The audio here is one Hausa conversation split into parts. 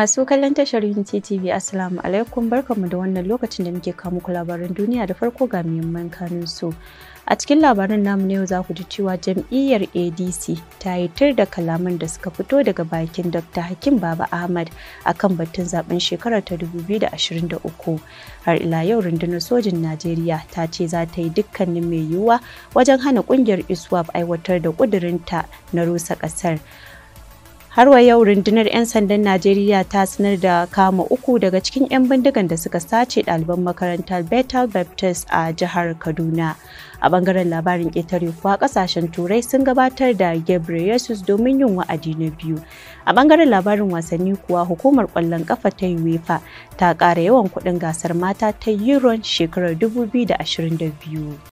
Masu kallon tashar Unity TV Assalamu alaikum barkanmu da wannan lokacin da muke kawo muku labaran duniya da farko ga muhimman kanin su. A cikin labaran namu na yau za ku ji cewa jam'iyyar ADC ta yi tir da kalaman da suka fito daga bakin Dr. Hakim Baba Ahmad a kan batun zaben shekarar ta 2023. Har ila yau rundunar sojin Najeriya ta ce za ta yi dukkanin mai yiwuwa wajen hana kungiyar ISWAP aiwatar da ƙudurinta na rusa ƙasar. har wa yau rundunar 'yan sandan najeriya ta sanar da kama uku daga cikin 'yan bindigan da suka sace ɗaliban makarantar betel baptist a jihar kaduna a bangaren labarin ƙetare kuwa ƙasashen turai sun gabatar da gabriel yesus domin yin wa'adi na biyu a bangaren labarin wasanni kuwa hukumar ƙwallon ƙafa ta uefa ta ƙara yawan kuɗin gasar mata ta euron shekarar 2022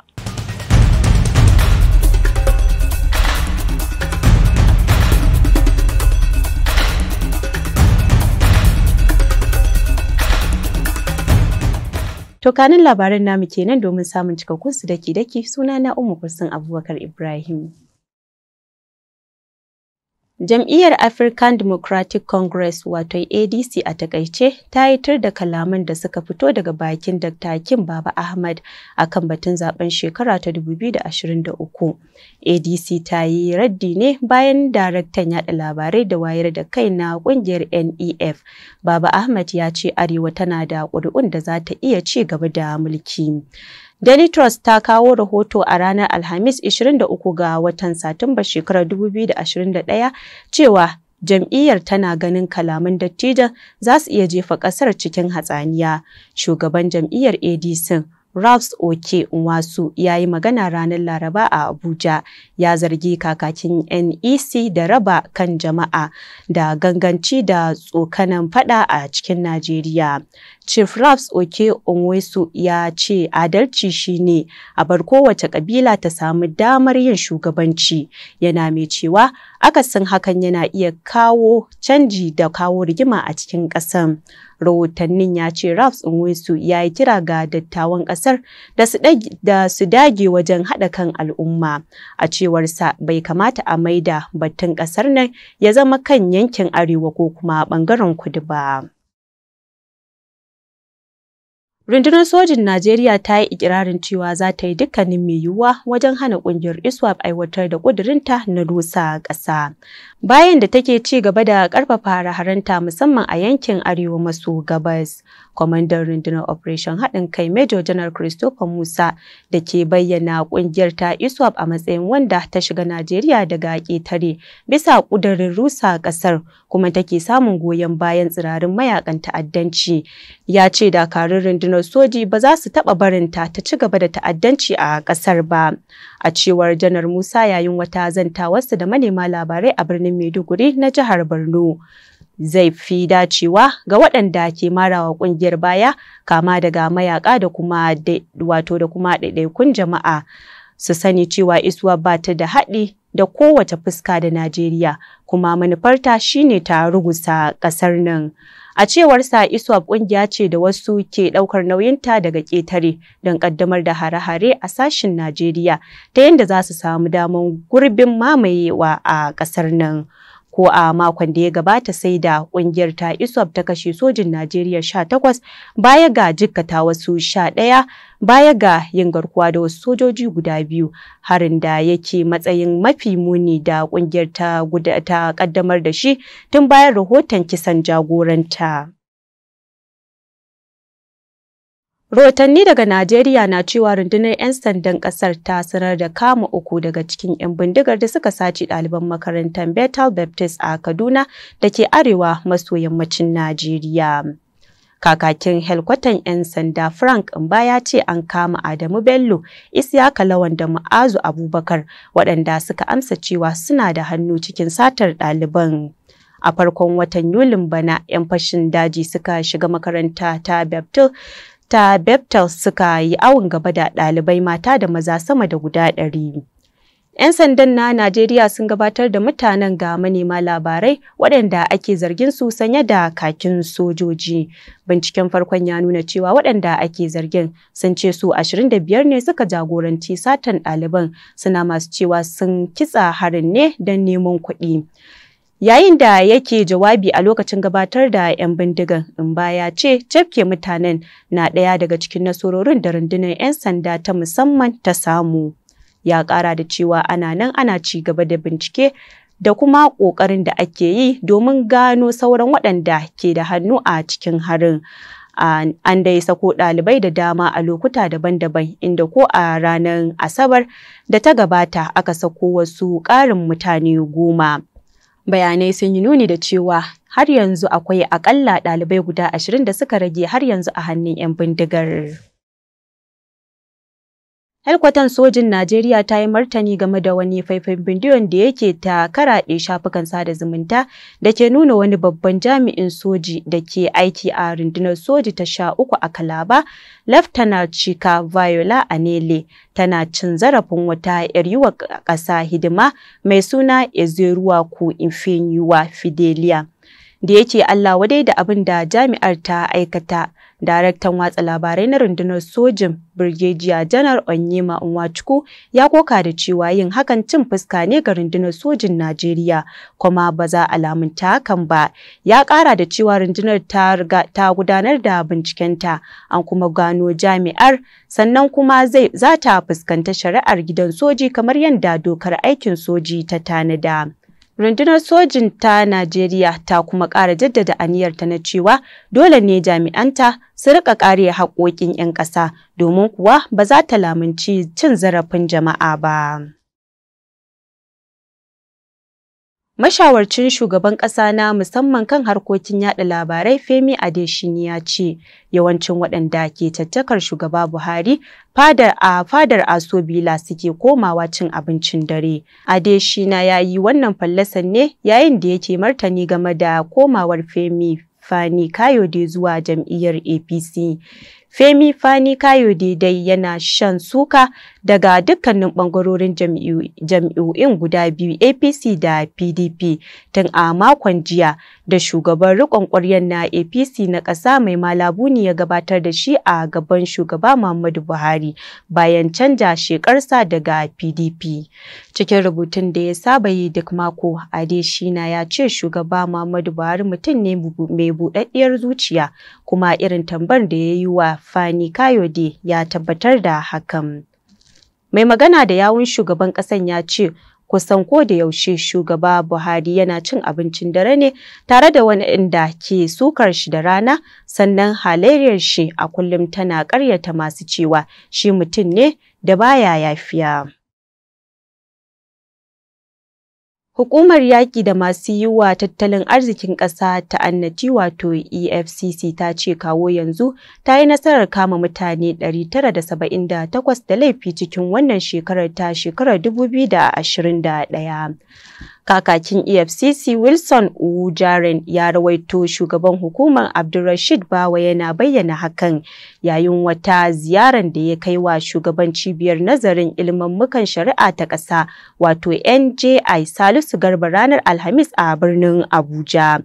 To kanin labaran namu kenan domin samun cikakkun su daki-daki suna na Umu Abubakar Ibrahim. Jam'iyyar African Democratic Congress wato ADC a takaice ta yitar da kalaman da suka fito daga bakin Dr. Kim Baba Ahmad kan batun zaben shekara ta 2023. ADC ta yi raddi ne bayan daraktan yaɗa labarai da wayar da kai na kungiyar NEF. Baba Ahmad ya ce Arewa tana da ƙuri'un da za ta iya ci gaba da mulki. Daily Trust ta kawo rahoto a ranar Alhamis 23 ga watan Satumba shekarar 2021 cewa jam'iyyar tana ganin kalaman dattijan za su iya jefa ƙasar cikin hatsaniya. Shugaban jam'iyyar ADC Ralphs Oke Nwasu ya yi magana ranar Laraba a Abuja ya zargi kakakin NEC da raba kan jama'a da ganganci da tsokanan fada a cikin Najeriya. Chief Raps Oke Onwesu ya ce adalci shine a bar kowace kabila ta samu damar yin shugabanci. Yana mai cewa akasin hakan yana iya kawo canji da kawo rigima a cikin ƙasan. Rahotannin ya ce Raps Onwesu ya yi kira ga dattawan ƙasar da su dage wajen haɗa kan al'umma. A cewarsa bai kamata a maida batun ƙasar nan ya zama kan yankin arewa ko kuma ɓangaren kudu ba. Rundunar Sojin Najeriya ta yi ikirarin cewa za ta yi dukkanin mai yiwuwa wajen hana ƙungiyar ISWAP aiwatar da kudurinta na rusa ƙasa. Bayan da take ci gaba da ƙarfafa hare musamman a yankin arewa maso gabas. kwamandan rundunar operation haɗin kai major general christopher musa da ke bayyana ƙungiyar ta iswap a matsayin wanda ta shiga najeriya daga ƙetare bisa ƙudurin rusa ƙasar kuma take samun goyon bayan tsirarin mayakan ta'addanci ya ce dakarun rundunar soji ba za su taɓa barinta ta ci gaba da ta'addanci a ƙasar ba a cewar janar musa yayin wata zantawarsa da manema labarai a birnin maiduguri na jihar borno zai fi dacewa ga waɗanda ke marawa ƙungiyar baya kama daga mayaƙa da kuma wato da kuma ɗaiɗaikun jama'a su sani cewa isuwa ba ta da haɗi da kowace fuska da Najeriya kuma manufarta shine ta rugusa ƙasar nan. A sa, isuwa ƙungiya ce da wasu ke ɗaukar nauyinta daga ƙetare don ƙaddamar da hare-hare a sashen Najeriya ta yadda za su samu damar gurbin mamayewa a ƙasar nan. ko a makon da ya gabata sai da kungiyar ta isof ta kashe sojin najeriya 18 baya ga jikkata wasu 11 baya ga yin garkuwa da wasu sojoji guda biyu harin da yake matsayin mafi muni da kungiyar ta kaddamar da shi tun bayan rahoton kisan jagoranta. Rotanni daga Najeriya na cewa rundunar 'yan sandan ƙasar ta sanar da kama uku daga cikin 'yan bindigar da suka sace ɗaliban makarantar Bethel Baptist a Kaduna da ke arewa maso yammacin Najeriya. Kakakin helkwatan 'yan sanda Frank Mba ya ce an kama Adamu Bello, isya kalawan da Ma'azu Abubakar waɗanda suka amsa cewa suna da hannu cikin satar ɗaliban. A farkon watan Yulin bana 'yan fashin daji suka shiga makaranta ta Baptist ta Beptels suka yi awon gaba da ɗalibai mata da maza sama da guda ɗari. 'Yan sandan na Najeriya sun gabatar da mutanen ga manema labarai waɗanda ake zargin su sanya da kakin sojoji. Binciken farkon ya nuna cewa waɗanda ake zargin sun ce su 25 ne suka jagoranci satan ɗaliban suna masu cewa sun kitsa harin ne don neman kuɗi. Yayin da yake jawabi a lokacin gabatar da 'yan bindigan in baya ce cafke mutanen na ɗaya daga cikin nasarorin da rundunar 'yan sanda ta musamman ta samu. Ya ƙara da cewa ana nan ana ci gaba da bincike da kuma ƙoƙarin da ake yi domin gano sauran waɗanda ke da hannu a cikin harin. An dai sako ɗalibai da dama a lokuta daban-daban inda ko a ranar Asabar da ta gabata aka sako wasu ƙarin mutane goma. Bayanai sun yi nuni da cewa har yanzu akwai aƙalla ɗalibai guda ashirin da suka rage har yanzu a hannun 'yan bindigar. Helkwatan sojin Najeriya ta yi martani game da wani faifan bidiyon da yake ta karaɗe shafukan sada zumunta da ke nuna wani babban jami'in soji da ke aiki a rundunar soji ta sha uku a Kalaba, Laftana Chika Viola Anele tana cin zarafin wata 'yar yiwa ƙasa hidima mai suna Ezeruwa ko Infeniwa Fidelia. Da yake Allah wadai da abin da jami'ar ta aikata. Daraktan watsa labarai na rundunar sojin Birgejiya Janar Onyema Nwachukwu ya koka da cewa yin hakan cin fuska ne ga rundunar sojin Najeriya kuma ba za a lamunta hakan ba. Ya ƙara da cewa rundunar ta gudanar da bincikenta an kuma gano jami'ar sannan kuma zai za ta fuskanta shari'ar gidan soji kamar yadda dokar aikin soji ta tanada. Rundunar sojin ta Najeriya ta kuma ƙara jaddada aniyarta na cewa dole ne jami'anta su riƙa kare haƙoƙin 'yan ƙasa domin kuwa ba za ta lamunci cin zarafin jama'a ba. Mashawarcin shugaban ƙasa na musamman kan harkokin yaɗa labarai Femi Adeshini ya ce yawancin waɗanda ke tattakar shugaba Buhari fadar a fadar Asobila suke komawa cin abincin dare. Adeshina ya yi wannan fallasan ne yayin da yake martani game da komawar Femi Fani Kayode zuwa jam'iyyar APC. Femi Fani Kayode dai yana shan suka daga dukkanin bangarorin jam'iyyun guda biyu APC da PDP tun a makon jiya da shugaban rikon ƙwaryar na APC na ƙasa mai malabuni ya gabatar da shi a gaban shugaba Muhammadu Buhari bayan canja shekarsa daga PDP. Cikin rubutun da ya saba yi duk mako, Adeshina ya ce shugaba Muhammadu Buhari mutum ne mai buɗaɗɗiyar zuciya kuma irin tambar da ya yi wa Fani Kayode ya tabbatar da hakan. Mai magana da yawun shugaban ƙasan ya ce kusan ko da yaushe shugaba Buhari yana cin abincin dare ne tare da wani inda ke sukar shi da rana sannan halayyar shi a kullum tana karyata masu cewa shi mutum ne da baya yafiya. Hukumar yaƙi da masu yi wa tattalin arzikin ƙasa ta annati wato EFCC ta ce kawo yanzu ta yi nasarar kama mutane 978 da laifi cikin wannan shekarar ta shekarar 2021. Kakakin EFCC Wilson Ujaren ya rawaito shugaban hukumar Abdulrashid Bawa yana bayyana hakan yayin wata ziyarar da ya kai wa shugaban cibiyar nazarin ilmammukan shari'a ta ƙasa wato NJI Salisu Garba ranar Alhamis a birnin Abuja.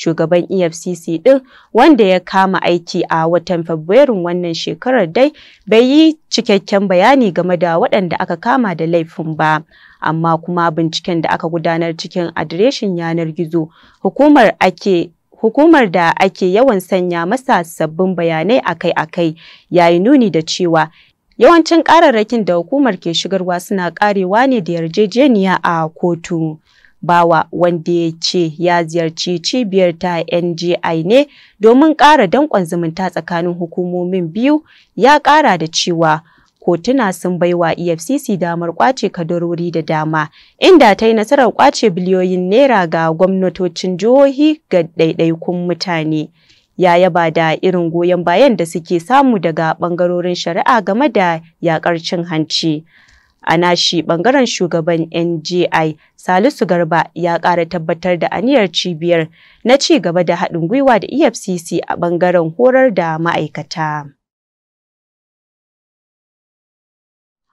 shugaban efcc ɗin, wanda ya kama aiki a watan Fabrairu wannan shekarar dai bai yi cikakken bayani game da waɗanda aka kama da laifin ba amma kuma binciken da aka gudanar cikin adireshin yanar gizo hukumar ake hukumar da ake yawan sanya masa sabbin bayanai akai-akai ya yi nuni da cewa yawancin kararrakin da hukumar ke shigarwa suna karewa ne da yarjejeniya a kotu. Bawa wanda ya ce ya ziyarci cibiyar ta NGI ne domin ƙara danƙon zumunta tsakanin hukumomin biyu ya ƙara da cewa kotuna sun baiwa EFCC damar ƙwace kadarori da dama inda ta yi nasarar kwace biliyoyin naira ga gwamnatocin jihohi ga ɗaiɗaikun mutane. Ya yaba da irin goyon bayan da suke samu daga ɓangarorin shari'a game da yakar cin hanci. A nashi bangaren shugaban NGI Salisu Garba ya ƙara tabbatar da aniyar cibiyar na ci gaba da haɗin gwiwa da EFCC a bangaren horar da ma'aikata.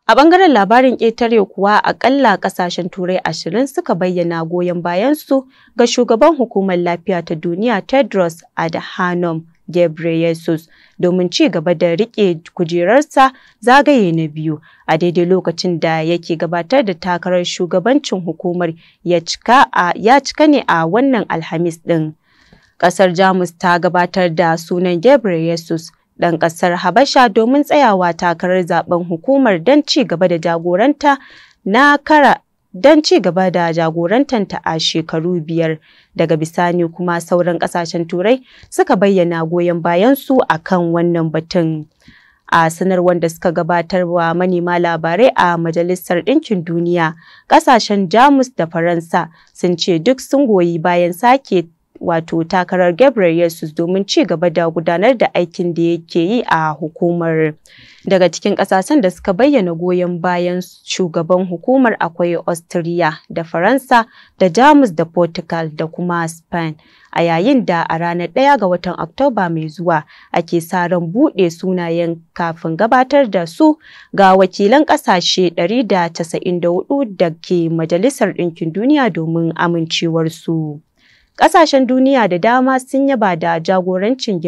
A bangaren labarin ƙetare kuwa akalla ƙasashen Turai ashirin suka bayyana goyon bayansu ga shugaban hukumar lafiya ta duniya Tedros Adhanom Ghebreyesus domin ci gaba da riƙe kujerarsa zagaye na biyu a daidai lokacin da yake gabatar da takarar shugabancin hukumar ya cika ne a wannan alhamis ɗin. Ƙasar Jamus ta gabatar da sunan Gabriel Jesus ɗan ƙasar Habasha domin tsayawa takarar zaben hukumar don ci gaba da jagoranta na kara don ci gaba da jagorantanta a shekaru biyar daga bisani kuma sauran kasashen turai suka bayyana goyon bayansu a kan wannan batun a sanarwar da suka gabatar wa manema labarai a majalisar ɗinkin duniya ƙasashen jamus da faransa sun ce duk sun goyi bayan sake wato takarar Gabriel Jesus domin ci gaba da gudanar da aikin da yake yi a hukumar. Daga cikin kasashen da suka bayyana goyon bayan shugaban hukumar akwai Austria da Faransa da Jamus da Portugal da kuma Spain. A yayin da a ranar 1 ga watan Oktoba mai zuwa ake sa ran buɗe sunayen kafin gabatar da su ga wakilan ƙasashe 194 da ke Majalisar Ɗinkin Duniya domin amincewarsu. Ƙasashen duniya da dama sun yaba da jagorancin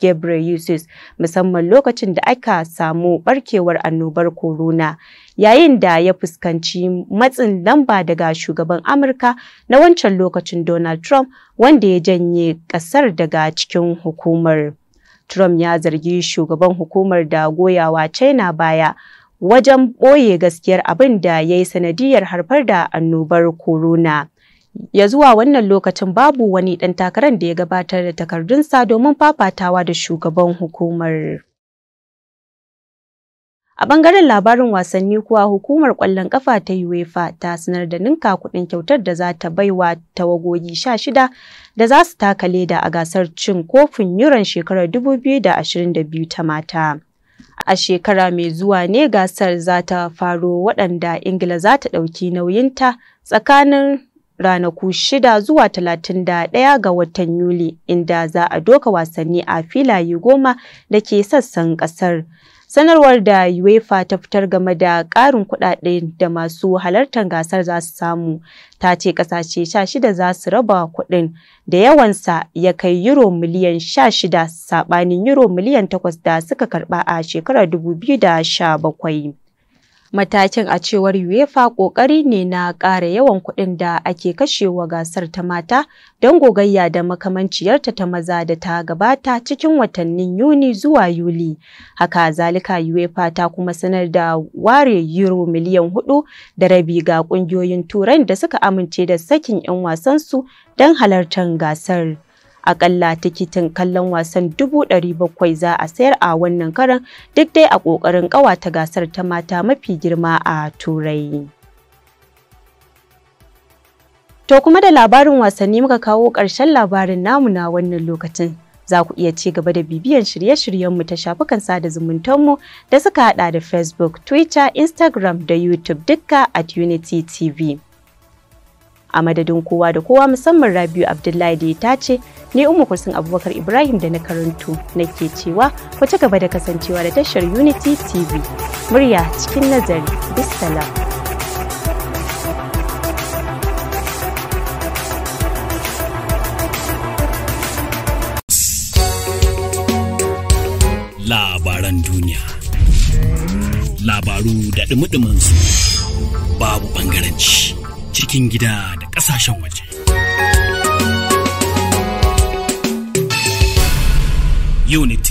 Ghebreyesus musamman lokacin da aka samu barkewar annobar corona yayin da ya fuskanci matsin lamba daga shugaban Amurka na wancan lokacin Donald Trump wanda ya janye ƙasar daga cikin hukumar. Trump ya zargi shugaban hukumar da goyawa China baya wajen ɓoye gaskiyar abin da ya yi sanadiyar harfar da annobar corona. ya zuwa wannan lokacin babu wani ɗan takarar da ya gabatar da takardunsa domin fafatawa da shugaban hukumar. A ɓangaren labarin wasanni kuwa hukumar ƙwallon ƙafa ta UEFA ta sanar da ninka kuɗin kyautar da za ta baiwa tawagogi sha shida da za su taka leda a gasar cin kofin yuran shekarar 2022 ta mata. A shekara mai zuwa ne gasar za ta faro waɗanda Ingila za ta ɗauki nauyinta tsakanin ranaku shida zuwa talatin da ɗaya ga watan Yuli inda za a doka wasanni a filaye goma da ke sassan ƙasar. Sanarwar da UEFA ta fitar game da ƙarin kuɗaɗe da masu halartar gasar za su samu ta ce ƙasashe 16 za su raba kuɗin da yawansa ya kai euro miliyan 16 saɓanin euro miliyan 8 da suka karɓa a shekarar 2017. Matakin a cewar UEFA ƙoƙari ne na ƙara yawan kuɗin da ake kashewa gasar ta mata don gogayya da makamanciyarta ta maza da ta gabata cikin watannin Yuni zuwa Yuli. Haka zalika UEFA ta kuma sanar da ware euro miliyan hudu da rabi ga ƙungiyoyin turai da suka amince da sakin 'yan wasansu don halartar gasar. akalla tikitin kallon wasan dubu ɗari bakwai za a sayar a wannan karan duk dai a ƙoƙarin ƙawata gasar ta mata mafi girma a turai. To kuma da labarin wasanni muka kawo ƙarshen labarin namu na wannan lokacin. Za ku iya ci gaba da bibiyan shirye-shiryenmu ta shafukan sada zumuntanmu da suka hada da Facebook, Twitter, Instagram da YouTube dukka at TV. a madadin kowa da kowa musamman rabiu abdullahi da ya ce ne umu kusan abubakar ibrahim da na karantu ke cewa wata gaba da kasancewa da tashar unity tv murya cikin nazari bisalam labaran duniya labaru da dumi su babu ɓangaranci cikin gida kasashen waje. Unity